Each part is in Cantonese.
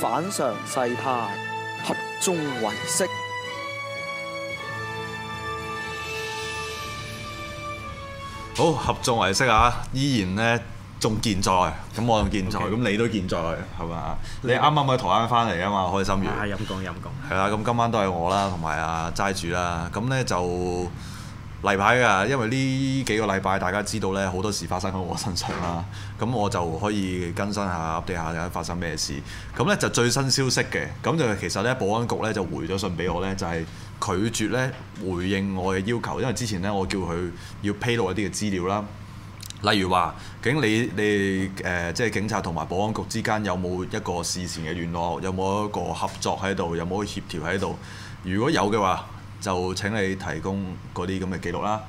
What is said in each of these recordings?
反常世態，合眾唯識。好，合眾唯識啊！依然呢，仲健在。咁我仲健在，咁 Okay. 你都健在，係嘛？你啱啱喺台灣翻嚟啊嘛，開心完。啊，陰公陰公。係啦，咁今晚都係我啦，同埋啊齋主啦，咁呢就。例牌㗎，因為呢幾個禮拜大家知道呢，好多事發生喺我身上啦，咁我就可以更新下地下有發生咩事。咁呢就最新消息嘅，咁就其實呢，保安局呢就回咗信俾我呢，就係拒絕呢回應我嘅要求，因為之前呢，我叫佢要披露一啲嘅資料啦，例如話警你你誒即係警察同埋保安局之間有冇一個事前嘅聯絡，有冇一個合作喺度，有冇協調喺度，如果有嘅話。就請你提供嗰啲咁嘅記錄啦，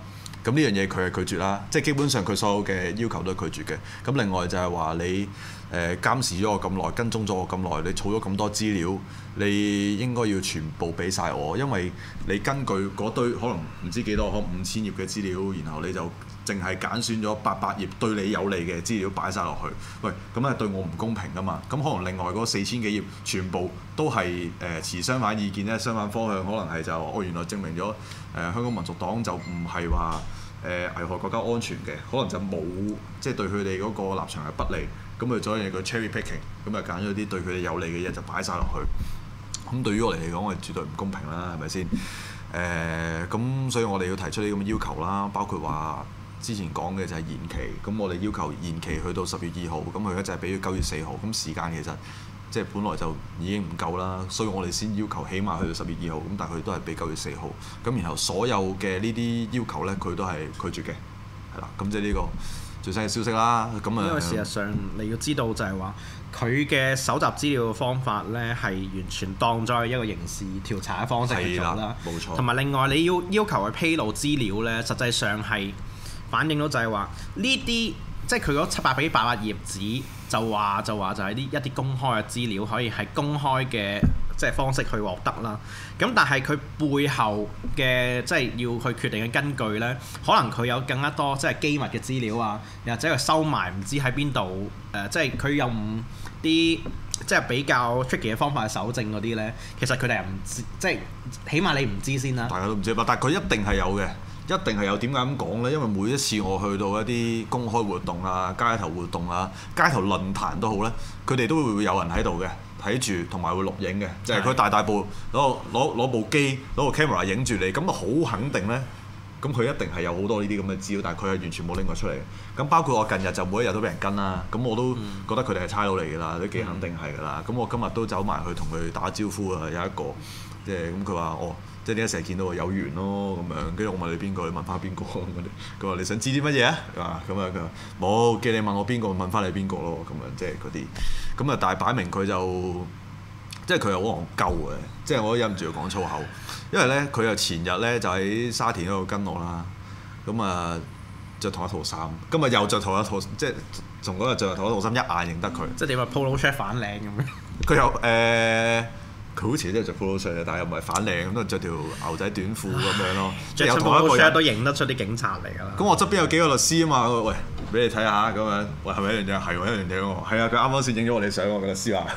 咁呢樣嘢佢係拒絕啦，即係基本上佢所有嘅要求都係拒絕嘅，咁另外就係話你。誒監視咗我咁耐，跟蹤咗我咁耐，你儲咗咁多資料，你應該要全部俾晒我，因為你根據嗰堆可能唔知幾多，可能五千頁嘅資料，然後你就淨係揀選咗八百頁對你有利嘅資料擺晒落去，喂，咁係對我唔公平㗎嘛。咁可能另外嗰四千幾頁全部都係誒、呃、持相反意見咧，相反方向可能係就哦原來證明咗誒、呃、香港民族黨就唔係話誒危害國家安全嘅，可能就冇即係對佢哋嗰個立場係不利。咁啊，做咗樣嘢叫 cherry picking，咁啊，揀咗啲對佢哋有利嘅嘢就擺晒落去。咁對於我哋嚟講，係絕對唔公平啦，係咪先？誒、呃，咁所以我哋要提出呢咁嘅要求啦，包括話之前講嘅就係延期。咁我哋要求延期去到十月二號，咁佢而家就係俾九月四號。咁時間其實即係、就是、本來就已經唔夠啦，所以我哋先要求起碼去到十月二號。咁但係佢都係俾九月四號。咁然後所有嘅呢啲要求咧，佢都係拒絕嘅，係啦。咁即係呢個。最新嘅消息啦，咁啊、就係，因為事實上你要知道就係話，佢嘅搜集資料嘅方法呢，係完全當咗一個刑事調查嘅方式嚟做啦，冇錯。同埋另外你要要求佢披露資料呢，實際上係反映到就係話，呢啲即係佢嗰七八百八百頁紙就，就話就話就係呢一啲公開嘅資料，可以係公開嘅。即係方式去獲得啦，咁但係佢背後嘅即係要去決定嘅根據呢，可能佢有更加多即係機密嘅資料啊，又或者收埋唔知喺邊度即係佢用啲即係比較出奇嘅方法去搜證嗰啲呢，其實佢哋係唔知，即係，起碼你唔知先啦。大家都唔知嘛，但係佢一定係有嘅，一定係有，點解咁講呢？因為每一次我去到一啲公開活動啊、街頭活動啊、街頭論壇都好呢，佢哋都會有人喺度嘅。睇住同埋會錄影嘅，是的 即係佢大大部攞攞攞部機攞個 camera 影住你，咁啊好肯定咧。咁佢一定係有好多呢啲咁嘅資料，但係佢係完全冇拎我出嚟。咁包括我近日就每一日都被人跟啦，咁我都覺得佢哋係差佬嚟㗎啦，都幾、嗯、肯定係㗎啦。咁我今日都走埋去同佢打招呼啊，有一個即係咁佢話我。即係點解成日見到我有緣咯咁樣，跟住我問你邊個，你問翻邊個？佢佢話你想知啲乜嘢啊？咁啊佢話冇，叫你問我邊個，問翻你邊個咯咁啊！即係嗰啲咁啊，但係擺明佢就即係佢又好戇鳩嘅，即係我都忍唔住講粗口，因為咧佢又前日咧就喺沙田嗰度跟我啦，咁啊着同一套衫，今日又着同一套，即係從嗰日着同一套衫一眼認得佢，即係你話 polo shirt 反領咁樣？佢又……誒、呃。佢好似真係着 polo shirt 但又唔係反領咁，都係着條牛仔短褲咁樣咯。着條 polo 都認得出啲警察嚟㗎啦。咁我側邊有幾個律師啊嘛，喂，俾你睇下咁樣，喂，係咪一樣樣？係喎，一樣樣喎。係啊，佢啱啱先影咗我哋相，我個律師話。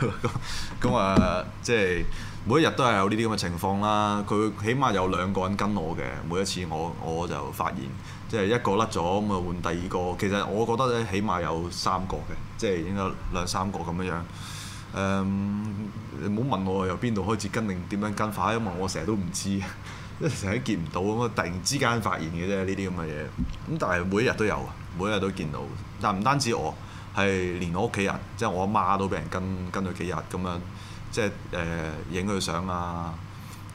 咁 啊，即係每一日都係有呢啲咁嘅情況啦。佢起碼有兩個人跟我嘅，每一次我我就發現，即係一個甩咗，咁啊換第二個。其實我覺得咧，起碼有三個嘅，即係應該兩三個咁樣。誒、嗯，你唔好問我由邊度開始跟定點樣跟法，因為我成日都唔知，一成日都見唔到咁啊！我突然之間發現嘅啫，呢啲咁嘅嘢。咁但係每一日都有，每一日都見到。但唔單止我係連我屋企人，即、就、係、是、我阿媽都俾人跟跟咗幾日咁樣，即係誒影佢相啊。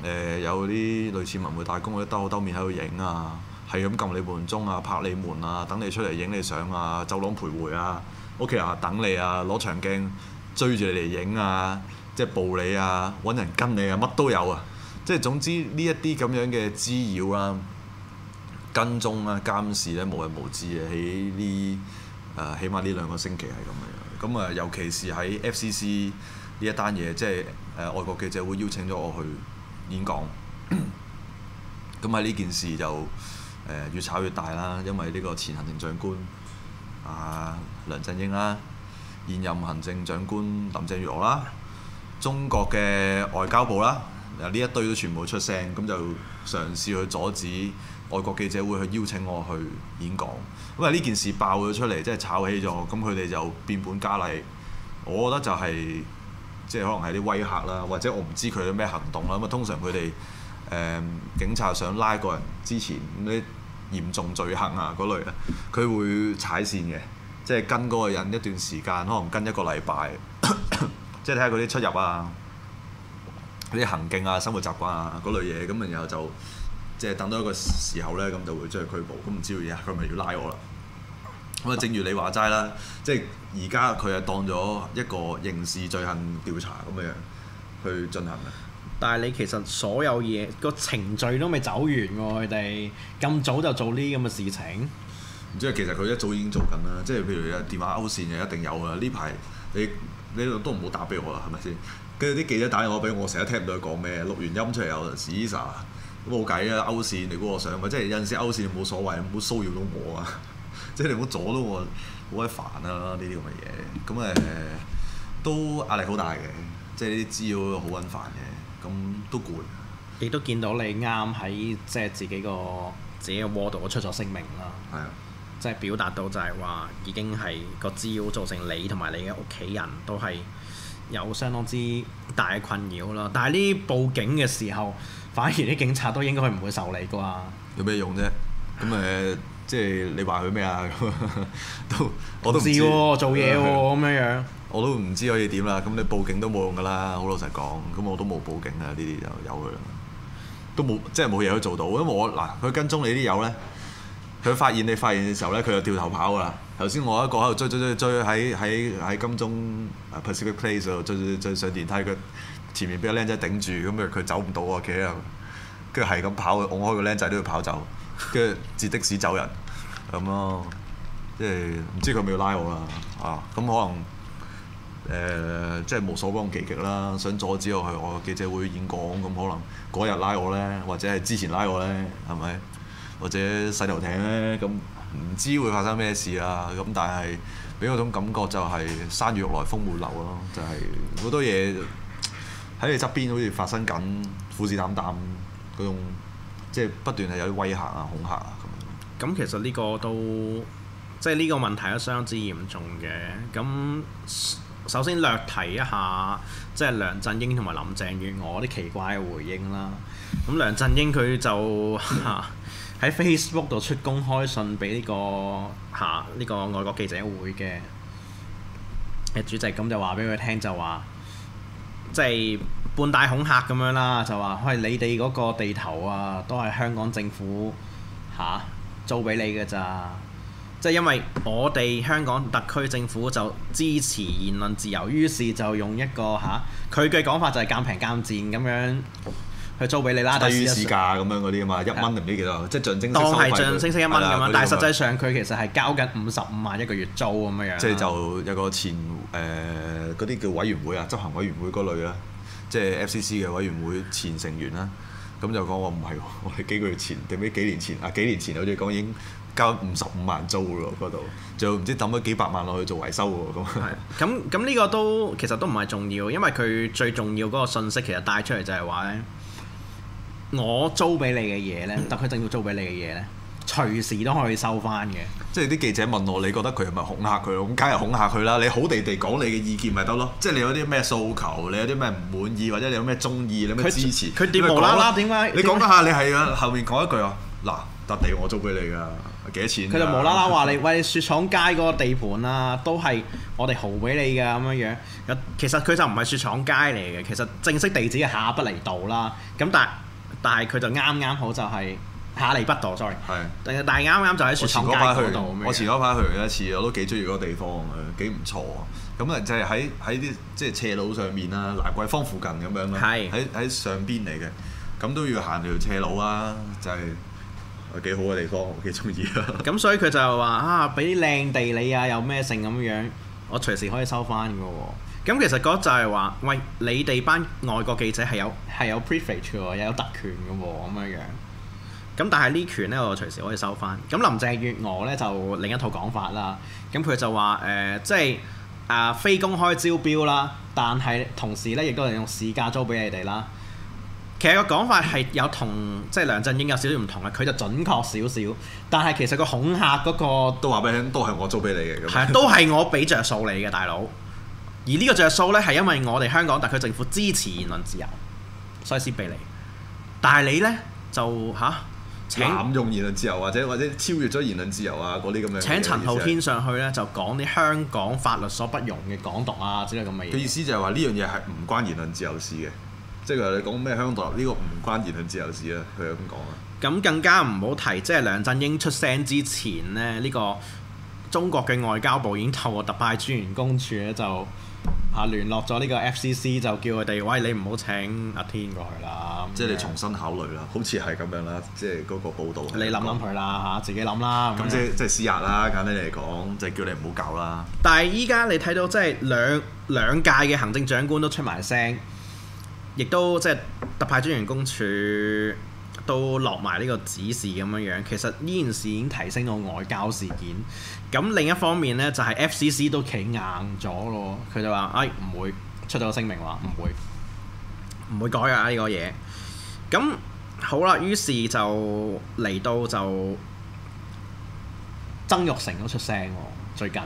誒、呃、有啲類似文匯大公，嗰兜兜面喺度影啊，係咁撳你門鍾啊，拍你門啊，等你出嚟影你相啊，走廊徘徊啊，屋企人等你啊，攞長鏡。追住你嚟影啊，即係捕你啊，揾人跟你啊，乜都有啊！即係總之呢一啲咁樣嘅滋擾啊、跟蹤啊、監視咧、啊，無日無之啊。喺呢誒，起碼呢兩個星期係咁樣，啊。咁、嗯、啊，尤其是喺 FCC 呢一單嘢，即係誒、呃、外國記者會邀請咗我去演講。咁喺呢件事就、呃、越炒越大啦，因為呢個前行政長官啊梁振英啦、啊。現任行政長官林鄭月娥啦，中國嘅外交部啦，啊呢一堆都全部出聲，咁就嘗試去阻止外國記者會去邀請我去演講。咁啊呢件事爆咗出嚟，即係炒起咗，咁佢哋就變本加厲。我覺得就係、是、即係可能係啲威嚇啦，或者我唔知佢有咩行動啦。咁啊通常佢哋誒警察想拉個人之前，咁啲嚴重罪行啊嗰類，佢會踩線嘅。即係跟嗰個人一段時間，可能跟一個禮拜， 即係睇下佢啲出入啊、啲行徑啊、生活習慣啊嗰類嘢，咁然後就即係等到一個時候咧，咁就會將佢拘捕。咁唔知道嘢，佢咪要拉我啦？咁啊，正如你話齋啦，即係而家佢係當咗一個刑事罪行調查咁樣樣去進行啊。但係你其實所有嘢、個程序都未走完喎，佢哋咁早就做呢咁嘅事情。即係其實佢一早已經做緊啦，即係譬如有電話勾線就一定有嘅。呢排你你都唔好打俾我啦，係咪先？跟住啲記者打電話俾我，成日聽唔到佢講咩，錄完音出嚟有時咁，冇計啊！勾線你估我想㗎？即係有陣時勾線冇所謂，唔好騷擾到我啊！即係你唔好阻到我，好 鬼煩啊！呢啲咁嘅嘢，咁誒都壓力好大嘅，即係啲資料好撚煩嘅，咁都攰。你都見到你啱喺即係自己個自己嘅窩度，我出咗聲明啦。係啊。即係表達到就係話已經係個招造成你同埋你嘅屋企人都係有相當之大嘅困擾啦。但係呢報警嘅時候，反而啲警察都應該唔會受理啩。有咩用啫？咁誒、呃，即係你話佢咩啊？都我都唔知喎，做嘢喎，咁樣樣我都唔知可以點啦。咁你報警都冇用㗎啦，好老實講。咁我都冇報警啊，呢啲就有佢啦，都冇即係冇嘢去做到。因為我嗱佢跟蹤你啲友咧。佢發現你發現嘅時候咧，佢就掉頭跑㗎啦。頭先我一個喺度追追追追喺喺喺金鐘、啊、Pacific Place 度追追追上電梯，佢前面俾個僆仔頂住，咁佢佢走唔到啊，企喺度，跟住係咁跑，㧬開個僆仔都要跑走，跟住截的士走人咁咯、嗯嗯。即係唔知佢咪要拉我啦啊？咁可能誒、呃、即係無所不用其極啦，想阻止我去我記者會演講咁、嗯，可能嗰日拉我咧，或者係之前拉我咧，係咪？或者洗頭艇咧，咁唔知會發生咩事啦。咁但係俾我種感覺就係山雨欲來風滿樓咯，就係、是、好多嘢喺你側邊，好似發生緊，虎視眈眈嗰種，即、就、係、是、不斷係有啲威嚇啊、恐嚇啊咁。咁其實呢個都即係呢個問題都相當之嚴重嘅。咁首先略提一下，即、就、係、是、梁振英同埋林鄭月娥啲奇怪嘅回應啦。咁梁振英佢就嚇。 喺 Facebook 度出公開信俾呢、這個呃呢、啊這個外國記者會嘅嘅主席，咁就話俾佢聽就話，即、就、係、是、半大恐嚇咁樣啦，就話喂你哋嗰個地頭啊，都係香港政府呃租俾你嘅咋，即、就、係、是、因為我哋香港特區政府就支持言論自由，於是就用一個呃佢嘅講法就係咁平咁賤咁樣。佢租俾你啦，低於市價咁樣嗰啲啊嘛，一蚊定唔知幾多，是的 即係象徵。當係象徵式一蚊咁樣，但係實際上佢其實係交緊五十五萬一個月租咁樣。即係就有個前誒嗰啲叫委員會啊，執行委員會嗰類啦，即係 FCC 嘅委員會前成員啦，咁就講話唔係，我係幾個月前定唔知幾年前，幾年前啊？幾年前我好似講已經交五十五萬租咯，嗰度就唔知抌咗幾百萬落去做維修喎。咁咁咁呢個都其實都唔係重要，因為佢最重要嗰個信息其實帶出嚟就係話咧。我租俾你嘅嘢呢，特區政府租俾你嘅嘢呢，隨時都可以收翻嘅。即係啲記者問我，你覺得佢係咪恐嚇佢？咁梗係恐嚇佢啦！你好地地講你嘅意見咪得咯？即係你有啲咩訴求，你有啲咩唔滿意，或者你有咩中意，你咩他支持？佢點無啦啦點解？說何你講下何你係何啊？後面講一句啊！嗱，笪地我租俾你噶，幾多錢？佢就無啦啦話你，喂，雪廠街嗰個地盤啊，都係我哋豪俾你噶咁樣樣。其實佢就唔係雪廠街嚟嘅，其實正式地址係下亞厘畢道啦。咁但係。但係佢就啱啱好就係下亞厘畢道，sorry 是。係。但係啱啱就喺雪廠街嗰排去，麼我前嗰排去一次，我都幾中意嗰個地方嘅，幾唔錯。咁啊就係喺喺啲即係斜路上面啦，蘭桂坊附近咁樣啦。係是。喺喺上邊嚟嘅，咁都要行條斜路啊，就係、是、幾好嘅地方，我幾中意 啊。咁所以佢就話啊，俾啲靚地理啊，有咩性咁樣，我隨時可以收翻嘅。咁其實嗰就係話，喂，你哋班外國記者係有係有 privilege 喎，有，有特權嘅喎，咁樣樣。咁但係呢權咧，我隨時可以收翻。咁林鄭月娥咧就另一套講法啦。咁佢就話誒、呃，即係啊、呃、非公開招標啦，但係同時咧亦都係用市價租俾你哋啦。其實個講法係有同即係梁振英有少少唔同嘅，佢就準確少少。但係其實個恐嚇嗰個都話俾你聽，都係我租俾你嘅。係啊 都係我俾着數你嘅，大佬。而呢個著數咧，係因為我哋香港特區政府支持言論自由，所以先俾你。但係你呢，就嚇、啊、濫用言論自由、啊，或者或者超越咗言論自由啊嗰啲咁樣。請陳浩天上去呢，就講啲香港法律所不容嘅港獨啊之類咁嘅嘢。佢意思就係話呢樣嘢係唔關言論自由事嘅，即係佢你講咩香港獨立呢、呢個唔關言論自由事啊，佢咁講啊。咁更加唔好提，即係梁振英出聲之前呢，呢、呢個。中國嘅外交部已經透過特派專員公署咧，就啊聯絡咗呢個 FCC，就叫佢哋，喂，你唔好請阿天過去啦，即係你重新考慮啦，好似係咁樣啦，即係嗰個報導。你諗諗佢啦，嚇，自己諗啦。咁即係即係施壓啦，簡單嚟講，就係叫你唔好搞啦。但係依家你睇到即係兩兩屆嘅行政長官都出埋聲，亦都即係特派專員公署。都落埋呢個指示咁樣樣，其實呢件事已經提升到外交事件。咁另一方面呢，就係、是、FCC 都企硬咗咯，佢就話，唉、哎，唔會出咗個聲明話唔會，唔會改㗎、啊、呢、這個嘢。咁好啦，於是就嚟到就曾鈺成都出聲喎，最近。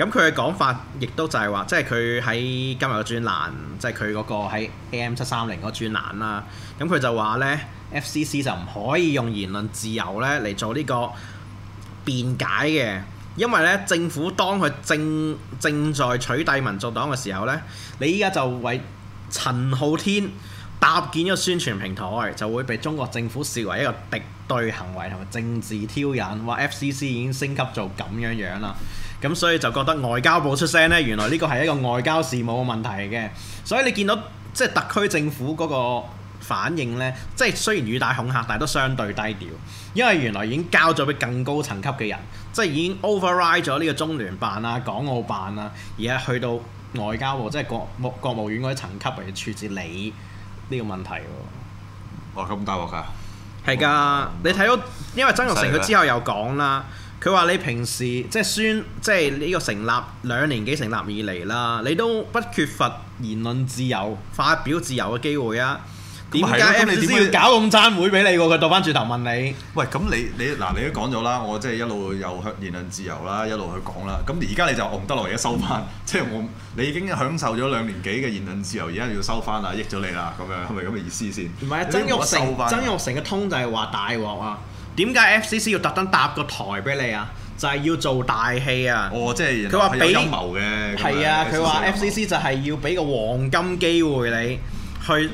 咁佢嘅講法亦都就係話，即係佢喺今日嘅專欄，即係佢嗰個喺 AM 七三零嗰個專欄啦。咁佢就話呢 f c c 就唔可以用言論自由呢嚟做呢個辯解嘅，因為呢政府當佢正正在取締民族黨嘅時候呢，你依家就為陳浩天搭建一個宣傳平台，就會被中國政府視為一個敵對行為同埋政治挑引。話 FCC 已經升級做咁樣樣啦。咁所以就覺得外交部出聲呢，原來呢個係一個外交事務嘅問題嘅。所以你見到即係特區政府嗰個反應呢，即係雖然語帶恐嚇，但係都相對低調，因為原來已經交咗俾更高層級嘅人，即係已經 override 咗呢個中聯辦啊、港澳辦啊，而家去到外交部，即係國國務院嗰啲層級嚟處置你呢個問題喎。哇！咁大鑊㗎？係㗎的， 你睇到因為曾鈺成佢之後又講啦。佢話：你平時即係宣，即係呢個成立兩年幾成立以嚟啦，你都不缺乏言論自由、發表自由嘅機會啊？點解咁你點要搞咁爭會俾你？喎，佢倒翻轉頭問你。喂，咁你你嗱，你都講咗啦，我即係一路有享言論自由啦，一路去講啦。咁而家你就戇得落而家收翻，即係 我你已經享受咗兩年幾嘅言論自由，而家要收翻啦，益咗你啦，咁樣係咪咁嘅意思先？唔係曾玉成，曾玉成嘅通就係話大鑊啊！點解 FCC 要特登搭個台俾你啊？就係、是、要做大戲啊！哦，即係佢話俾陰謀嘅。係給啊，佢話 FCC 就係要俾個黃金機會你去，去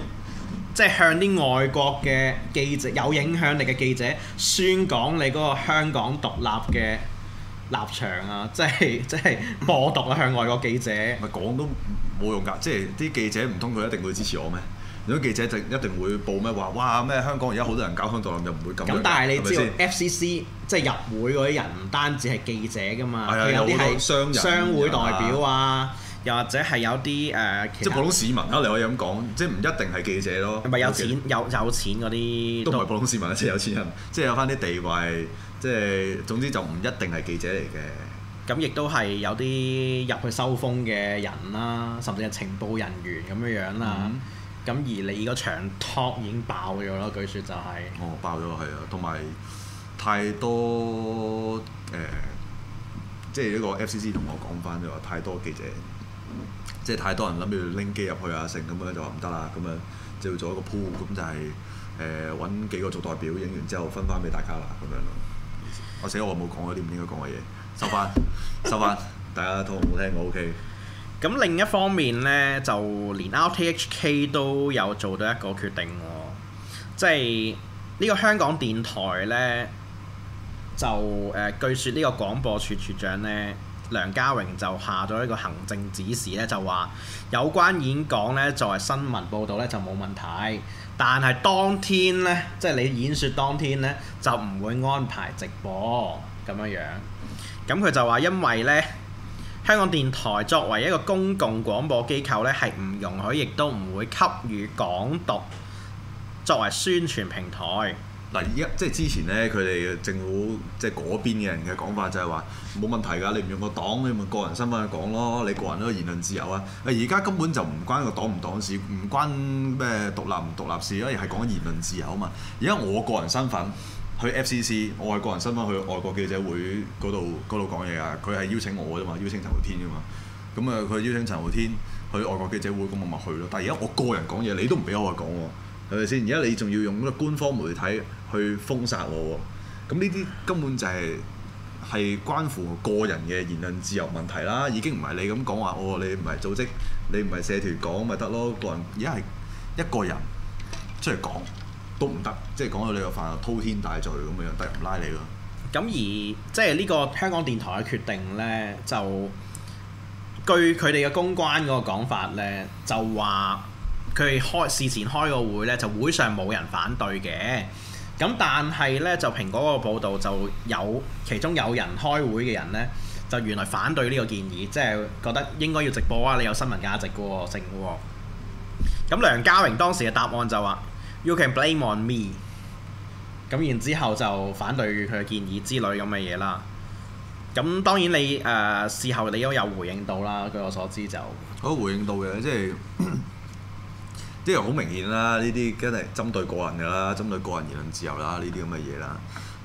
即係向啲外國嘅記者有影響力嘅記者宣講你嗰個香港獨立嘅立場啊！即係即係播毒啊，嗯、向外國記者。咪講都冇用㗎，即係啲記者唔通佢一定會支持我咩？如果記者就一定會報咩話，哇咩香港而家好多人搞香港塞，又唔會咁。咁但係你知道 FCC 即係入會嗰啲人唔單止係記者㗎嘛，佢有啲係商人、商會代表啊，又或者係有啲誒、即係普通市民啊，你可以咁講，即係唔一定係記者咯。咪有錢有有錢嗰啲都唔係普通市民啊，即係有錢人，即係有返啲地位，即係總之就唔一定係記者嚟嘅。咁亦都係有啲入去收風嘅人啦，甚至係情報人員咁樣樣啦。咁而你個場託已經爆咗咯，據説就係、是、哦，爆咗係啊，同埋太多誒、呃，即係一個 FCC 同我講翻，就話太多記者，即係太多人諗住拎機入去啊，成咁樣就話唔得啦，咁啊就要做一個 p 咁就係誒揾幾個做代表，影完之後分翻俾大家啦，咁樣咯、啊。我寫我冇講嗰啲唔應該講嘅嘢，收翻，收翻，大家都好聽，我 OK。咁另一方面呢，就連 RTHK 都有做到一個決定喎，即係呢個香港電台呢，就誒、呃、據説呢個廣播處處長呢，梁家榮就下咗一個行政指示呢就話有關演講呢作為新聞報導呢就冇問題，但係當天呢，即係你演説當天呢，就唔會安排直播咁樣樣。咁佢就話因為呢。香港電台作為一個公共廣播機構咧，係唔容許亦都唔會給予港獨作為宣傳平台。嗱，而家即係之前咧，佢哋政府即係嗰邊嘅人嘅講法就係話冇問題㗎，你唔用個黨，你咪個人身份去講咯，你個人都有言論自由啊。而家根本就唔關個黨唔黨事，唔關咩獨立唔獨立事，因為係講言論自由啊嘛。而家我個人身份，去 FCC，外國人身份去外國記者會嗰度度講嘢啊！佢係邀請我嘅啫嘛，邀請陳浩天嘅嘛。咁啊，佢邀請陳浩天去外國記者會，咁我咪去咯。但係而家我個人講嘢，你都唔俾我話講喎，係咪先？而家你仲要用嗰個官方媒體去封殺我喎？咁呢啲根本就係、是、係關乎個人嘅言論自由問題啦。已經唔係你咁講話，我、哦、你唔係組織，你唔係社團講咪得咯？個人而家係一個人出嚟講。都唔得，即係講到你有犯滔天大罪咁樣，第日唔拉你咯。咁而即係呢個香港電台嘅決定呢，就據佢哋嘅公關嗰個講法呢，就話佢開事前開個會呢，就會上冇人反對嘅。咁但係呢，就蘋果個報導就有其中有人開會嘅人呢，就原來反對呢個建議，即係覺得應該要直播啊，你有新聞價值嘅喎，正嘅喎。咁梁家榮當時嘅答案就話，You can blame on me。咁然之後就反對佢嘅建議之類咁嘅嘢啦。咁當然你誒、呃、事後你都有回應到啦。據我所知就，我回應到嘅，即係 即係好明顯啦。呢啲梗係針對個人嘅啦，針對個人言論自由啦，呢啲咁嘅嘢啦。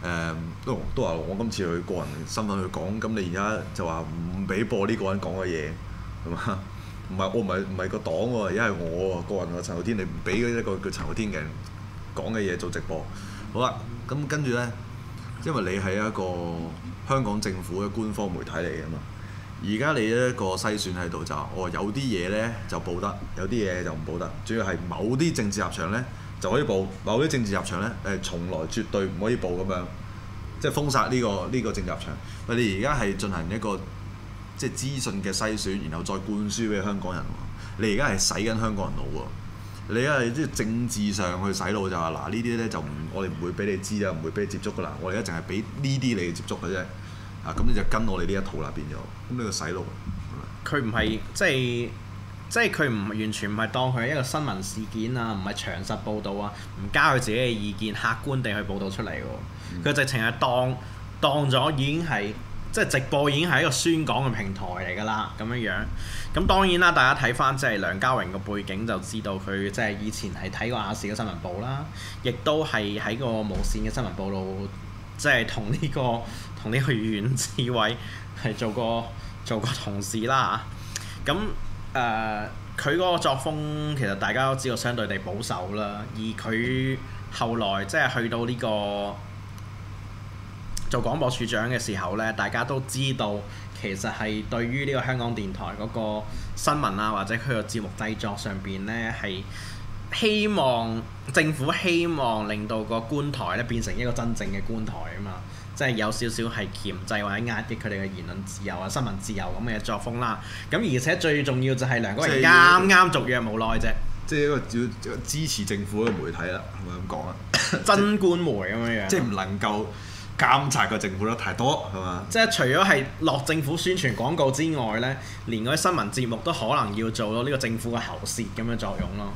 誒、嗯、都都話我今次去個人身份去講，咁你而家就話唔俾播呢個人講嘅嘢，係嘛？唔係我唔係唔係個黨喎，因為我個人喎。陳浩天，你唔俾一個叫陳浩天嘅講嘅嘢做直播。好啦，咁跟住呢，因為你係一個香港政府嘅官方媒體嚟㗎嘛。而家你一個篩選喺度就係，我、哦、有啲嘢呢就報得，有啲嘢就唔報得。主要係某啲政治立場呢就可以報，某啲政治立場呢誒從來絕對唔可以報咁樣，即、就、係、係、封殺呢、呢個呢、呢個政治立場。你而家係進行一個。即係資訊嘅篩選，然後再灌輸俾香港人。你而家係洗緊香港人腦喎，你而家喺政治上去洗腦就話嗱，呢啲咧就唔，我哋唔會俾你知啊，唔會俾你接觸噶啦。我哋而家淨係俾呢啲你接觸嘅啫。啊，咁你就跟我哋呢一套啦，變咗。咁你個洗腦，佢唔係即係即係佢唔完全唔係當佢係一個新聞事件啊，唔係詳實報導啊，唔加佢自己嘅意見，客觀地去報導出嚟嘅。佢直情係當當咗已經係。即係直播已經係一個宣講嘅平台嚟㗎啦，咁樣樣。咁當然啦，大家睇翻即係梁家榮個背景就知道佢即係以前係睇過亞視嘅新聞報啦，亦都係喺個無線嘅新聞報度，即係同呢個、同呢個袁志偉係做過做過同事啦嚇。咁誒，佢，呃，嗰個作風其實大家都知道相對地保守啦，而佢後來即係去到呢個做廣播處長嘅時候呢，大家都知道其實係對於呢個香港電台嗰個新聞啊，或者佢個節目製作上邊呢，係希望政府希望令到個官台咧變成一個真正嘅官台啊嘛，即係有少少係鉗制或者壓抑佢哋嘅言論自由啊、新聞自由咁嘅作風啦。咁而且最重要就係梁國人啱啱、就是、續約冇耐啫，即係一個支持政府嘅媒體啦，係咪咁講啊？ 真官媒咁樣樣，即係唔能夠。監察個政府都太多係嘛？即係除咗係落政府宣傳廣告之外咧，連嗰啲新聞節目都可能要做到呢個政府嘅喉舌咁嘅作用咯。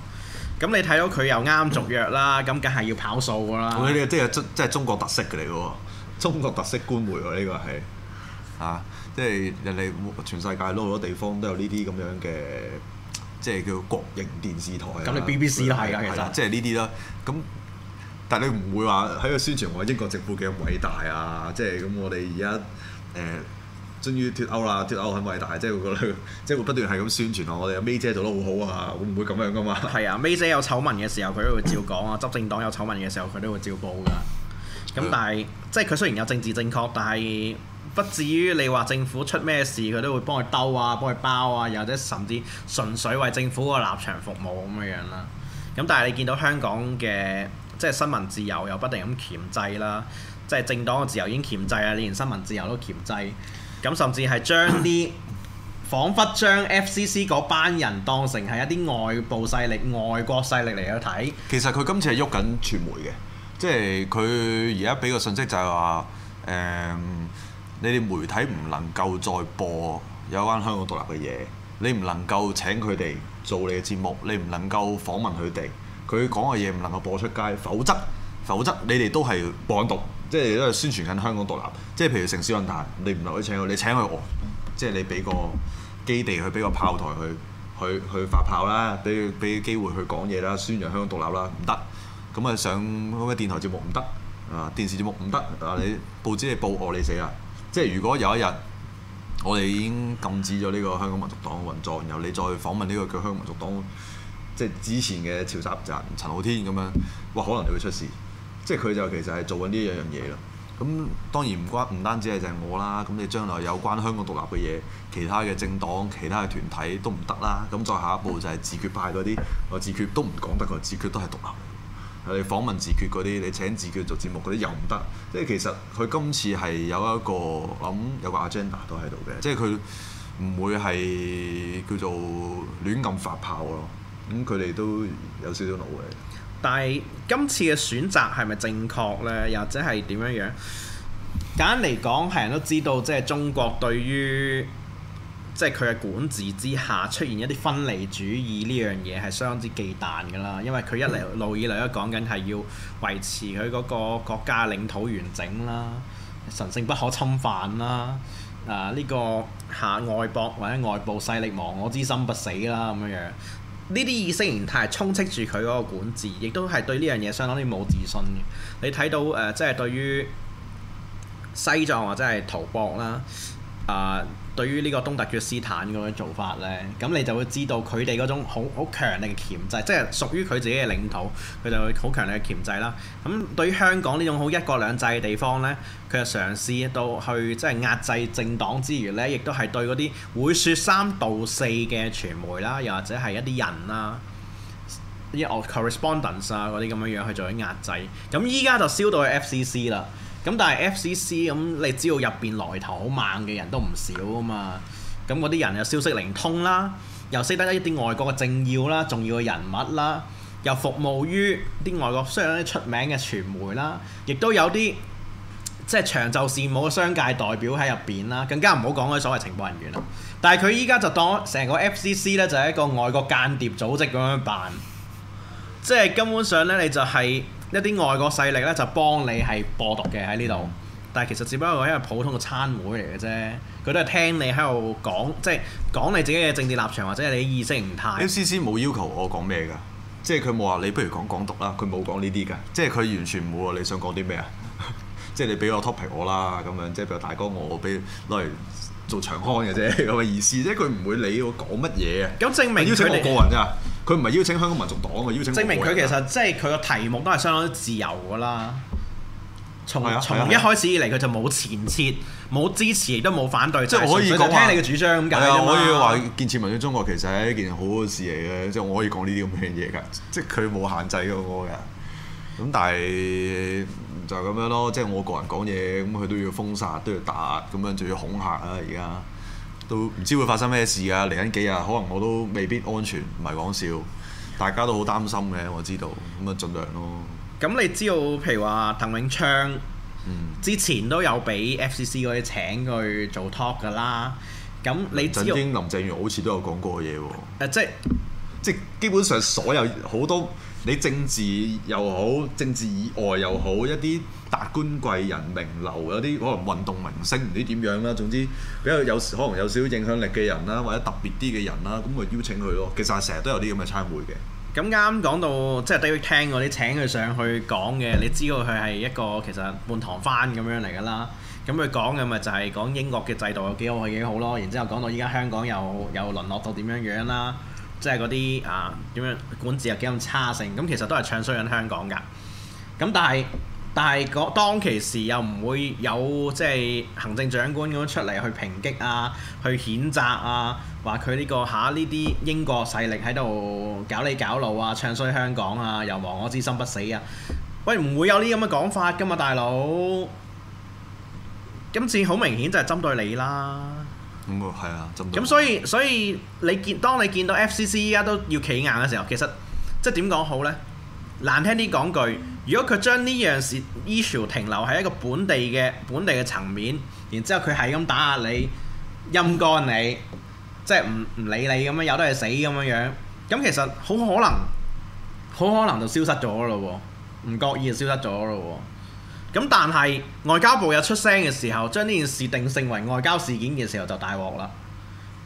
咁你睇到佢又啱續約啦，咁梗係要跑數㗎啦。呢啲即係中即係中國特色㗎嚟喎，中國特色官媒喎呢個係啊，即係人哋全世界都好多地方都有呢啲咁樣嘅，即係叫國營電視台、啊。咁、嗯、你 BBC 都係㗎、啊，其實、啊、即係呢啲啦。咁、嗯但你唔會話喺度宣傳我英國政府嘅偉大啊！即係咁，我哋而家誒終於脫歐啦，脫歐很偉大，即係會覺得即係會不斷係咁宣傳我哋阿 May 姐做得好好啊，會唔會咁樣噶嘛、啊？係啊 May 姐有醜聞嘅時候，佢都會照講啊； 執政黨有醜聞嘅時候，佢都會照報㗎。咁但係 即係佢雖然有政治正確，但係不至於你話政府出咩事，佢都會幫佢兜啊，幫佢包啊，又或者甚至純粹為政府個立場服務咁嘅樣啦。咁但係你見到香港嘅。即係新聞自由又不定咁鉗制啦，即係政黨嘅自由已經鉗制啊，你連新聞自由都鉗制，咁甚至係將啲 彷彿將 FCC 嗰班人當成係一啲外部勢力、外國勢力嚟去睇。其實佢今次係喐緊傳媒嘅，即係佢而家俾個訊息就係話：誒、嗯，你哋媒體唔能夠再播有關香港獨立嘅嘢，你唔能夠請佢哋做你嘅節目，你唔能夠訪問佢哋。佢講嘅嘢唔能夠播出街，否則否則你哋都係播緊獨，即係都係宣傳緊香港獨立。即係譬如城市論壇，你唔能夠請佢，你請佢哦，即係你俾個基地去，俾個炮台去，去去發炮啦，俾俾機會去講嘢啦，宣揚香港獨立啦，唔得。咁啊上咩咩電台節目唔得啊，電視節目唔得啊，你報紙你報我你死啦。即係如果有一日我哋已經禁止咗呢個香港民族黨嘅運作，然後你再訪問呢個叫香港民族黨。即係之前嘅潮濕集，集，陳浩天咁樣，哇！可能你會出事，即係佢就其實係做緊呢一樣嘢咯。咁當然唔關唔單止係就係我啦。咁你將來有關香港獨立嘅嘢，其他嘅政黨、其他嘅團體都唔得啦。咁再下一步就係自決派嗰啲，我自決都唔講得佢自決都係獨立。你訪問自決嗰啲，你請自決做節目嗰啲又唔得。即係其實佢今次係有一個諗有個 agenda 都喺度嘅，即係佢唔會係叫做亂咁發炮咯。咁佢哋都有少少腦嘅，但係今次嘅選擇係咪正確呢？又或者係點樣樣？簡單嚟講，係人都知道，即係中國對於即係佢嘅管治之下出現一啲分離主義呢樣嘢係相當之忌憚㗎啦。因為佢一嚟路以嚟都講緊係要維持佢嗰個國家領土完整啦、神聖不可侵犯啦、啊呢個下外國或者外部勢力亡我之心不死啦，咁樣樣。呢啲意識形態係充斥住佢嗰個管治，亦都係對呢樣嘢相當之冇自信嘅。你睇到誒、呃，即係對於西藏或者係吐蕃啦，啊。呃對於呢個東突厥斯坦咁樣做法呢，咁你就會知道佢哋嗰種好好強力嘅鉗制，即係屬於佢自己嘅領土，佢就會好強力嘅鉗制啦。咁對於香港呢種好一國兩制嘅地方呢，佢就嘗試到去即係壓制政黨之餘呢，亦都係對嗰啲會説三道四嘅傳媒啦，又或者係一啲人啦、啊，啲哦 correspondence 啊嗰啲咁樣樣去做啲壓制。咁依家就燒到去 FCC 啦。咁但係 FCC 咁，你知道入邊來頭好猛嘅人都唔少啊嘛。咁嗰啲人又消息靈通啦，又識得一啲外國嘅政要啦、重要嘅人物啦，又服務於啲外國相當出名嘅傳媒啦，亦都有啲即係長袖善舞嘅商界代表喺入邊啦。更加唔好講嗰啲所謂情報人員啦。但係佢依家就當成個 FCC 呢，就係一個外國間諜組織咁樣辦，即係根本上呢，你就係、是。一啲外國勢力咧就幫你係播毒嘅喺呢度，但係其實只不過係一個普通嘅餐會嚟嘅啫，佢都係聽你喺度講，即係講你自己嘅政治立場或者係你意識唔太。FCC 冇要求我講咩㗎，即係佢冇話你不如講港獨啦，佢冇講呢啲㗎，即係佢完全唔會話你想講啲咩啊，即係你俾個 topic 我啦，咁樣即係譬如大哥我俾攞嚟做長康嘅啫，咁嘅意思即係，佢唔會理我講乜嘢啊。咁證明邀請我，我個人啫。佢唔係邀請香港民族黨嘅，邀請證明佢其實即係佢個題目都係相當之自由嘅啦。從、啊、從一開始以嚟，佢、啊、就冇前設、冇 支持亦都冇反對。即係我可以講聽你嘅主張咁解、啊。係我可以話建設民族中國其實係一件好事嚟嘅，即係我可以講呢啲咁嘅嘢嘅。即係佢冇限制過我嘅。咁但係就咁樣咯，即係我個人講嘢，咁佢都要封殺，都要打，咁樣仲要恐嚇啦而家。都唔知會發生咩事啊。嚟緊幾日可能我都未必安全，唔係講笑，大家都好擔心嘅，我知道，咁啊盡量咯。咁你知道，譬如話鄧永昌，嗯，之前都有俾 FCC 嗰啲請佢做 talk 㗎啦。咁你，曾經林鄭月好似都有講過嘢喎，啊。即係即係基本上所有好多。你政治又好，政治以外又好，一啲達官貴人、名流，有啲可能運動明星唔知點樣啦。總之比較有時可能有少少影響力嘅人啦，或者特別啲嘅人啦，咁咪邀請佢咯。其實成日都有啲咁嘅餐會嘅。咁啱講到即係都要聽過，你請佢上去講嘅，你知道佢係一個其實半唐番咁樣嚟㗎啦。咁佢講嘅咪就係講英國嘅制度有幾好係幾好咯。然之後講到依家香港又又淪落到點樣樣啦。即係嗰啲啊點樣管治又幾咁差性，咁其實都係唱衰緊香港㗎。咁但係但係個當其時又唔會有即係行政長官咁樣出嚟去抨擊啊，去譴責啊，話佢呢個嚇呢啲英國勢力喺度搞你搞路啊，唱衰香港啊，又亡我之心不死啊。喂，唔會有呢啲咁嘅講法㗎嘛、啊，大佬。今次好明顯就係針對你啦。咁、嗯、所以所以你見當你見到 FCC 依家都要企硬嘅時候，其實即係點講好呢？難聽啲講句，如果佢將呢樣事 issue 停留喺一個本地嘅本地嘅層面，然之後佢係咁打壓你、陰乾你，即係唔唔理你咁樣由得佢死咁樣樣，咁其實好可能好可能就消失咗咯喎，唔覺意就消失咗咯喎。咁但係外交部有出聲嘅時候，將呢件事定性為外交事件嘅時候就大鑊啦。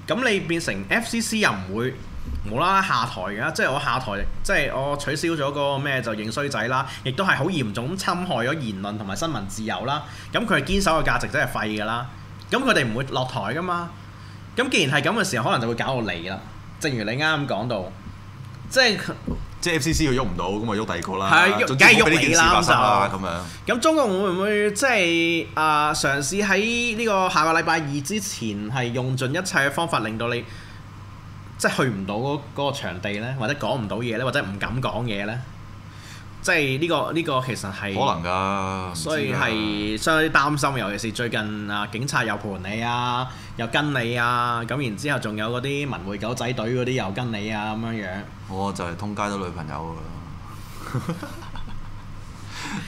咁你變成 FCC 又唔會無啦啦下台㗎，即係我下台，即係我取消咗個咩就認衰仔啦，亦都係好嚴重咁侵害咗言論同埋新聞自由啦。咁佢係堅守嘅價值真係廢㗎啦。咁佢哋唔會落台㗎嘛？咁既然係咁嘅時候，可能就會搞到你啦。正如你啱啱講到，即係。即係 FCC 佢喐唔到，咁咪喐第二個啦。係的，梗係喐第二啦，咁這樣。咁中國會唔會即係啊？嘗試喺呢個下個禮拜二之前，係用盡一切嘅方法，令到你即係去唔到嗰嗰個場地咧，或者講唔到嘢咧，或者唔敢講嘢咧。即係呢、這個呢、這個其實係，所以係相當啲擔心，尤其是最近啊，警察又盤你啊，又跟你啊，咁然之後仲有嗰啲文匯狗仔隊嗰啲又跟你啊咁樣樣。我就係、是、通街都女朋友㗎。係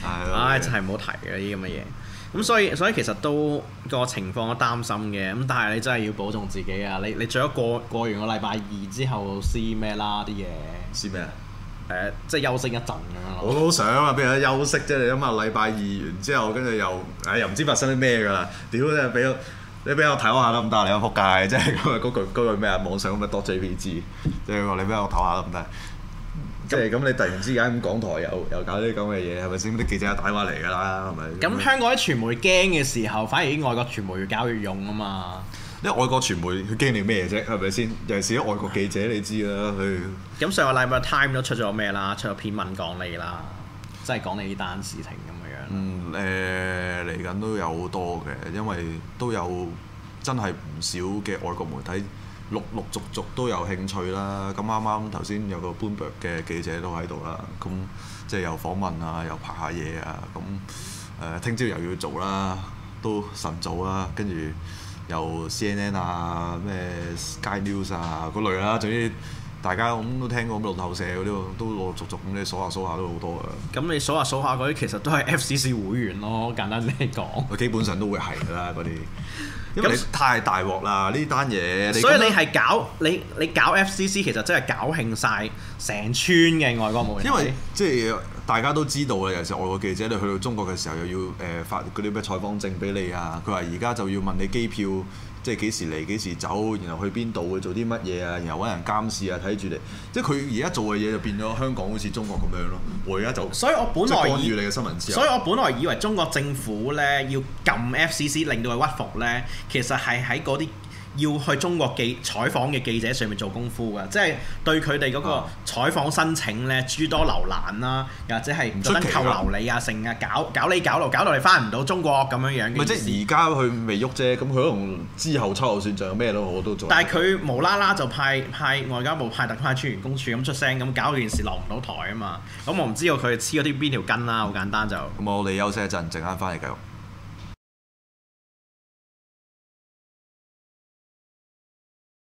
唉、哎呀，真係唔好提嗰啲咁嘅嘢。咁所以所以其實都、這個情況都擔心嘅。咁但係你真係要保重自己啊！你你最後過過完個禮拜二之後，知咩啦啲嘢。知咩啊？誒，即係休息一陣啊！我都想啊，俾佢休息即你諗下，禮拜二完之後，跟住又，誒又唔知發生啲咩㗎啦！屌真俾你俾我睇下得唔得啊？你個撲街，即係嗰句句咩啊？網上咁嘅多 JPG，即係話你俾我睇下得唔得？即係咁你突然之間港台又又搞啲咁嘅嘢，係咪先啲記者打電話嚟㗎啦？係咪？咁香港啲傳媒驚嘅時候，反而啲外國傳媒越搞越勇啊嘛！因為外國傳媒佢驚你咩啫？係咪先？尤其是啲外國記者，你知啦。佢咁上個禮拜《Time》都出咗咩啦？出咗篇文講你啦，即係講你呢單事情咁樣樣。嗯誒，嚟緊都有好多嘅，因為都有真係唔少嘅外國媒體陸陸陸續續都有興趣啦。咁啱啱頭先有個《Bloomberg》嘅記者都喺度啦，咁即係又訪問啊，又拍下嘢啊，咁誒聽朝又要做啦、啊，都晨早啦、啊，跟住。由 CNN 啊、咩 Sky News 啊嗰類啦、啊，總之大家咁都聽過 路透社嗰啲，都陸陸續續咁你數下數下都好多噶。咁你數下數下嗰啲其實都係 FCC 會員咯，簡單啲講。佢 基本上都會係㗎啦嗰啲， 因為你太大鑊啦呢單嘢。 所以你係搞你你搞 FCC 其實真係搞興晒成村嘅外國冇。 因為即係。大家都知道啊，尤其外國記者，你去到中國嘅時候又要誒發嗰啲咩採訪證俾你啊？佢話而家就要問你機票，即係幾時嚟、幾時走，然後去邊度會，做啲乜嘢啊？然後揾人監視啊，睇住你。即係佢而家做嘅嘢就變咗香港好似中國咁樣咯。我而家就，所以我本來，關於你嘅新聞之後所以，我本來以為中國政府呢，要撳 FCC 令到佢屈服呢，其實係喺嗰啲。要去中國記採訪嘅記者上面做功夫嘅，即係對佢哋嗰個採訪申請咧諸多留難啦，又或者係唔想扣留你啊，成日、啊、搞搞你搞到搞到你翻唔到中國咁樣樣。咪即係而家佢未喐啫，咁佢可能之後秋後算帳咩都好我都做。但係佢無啦啦就派派外交部派特派員公署咁出聲，咁搞件事落唔到台啊嘛。咁我唔知道佢黐咗邊條筋啦，好簡單就。咁、嗯、我哋休息一陣，陣間翻嚟繼續。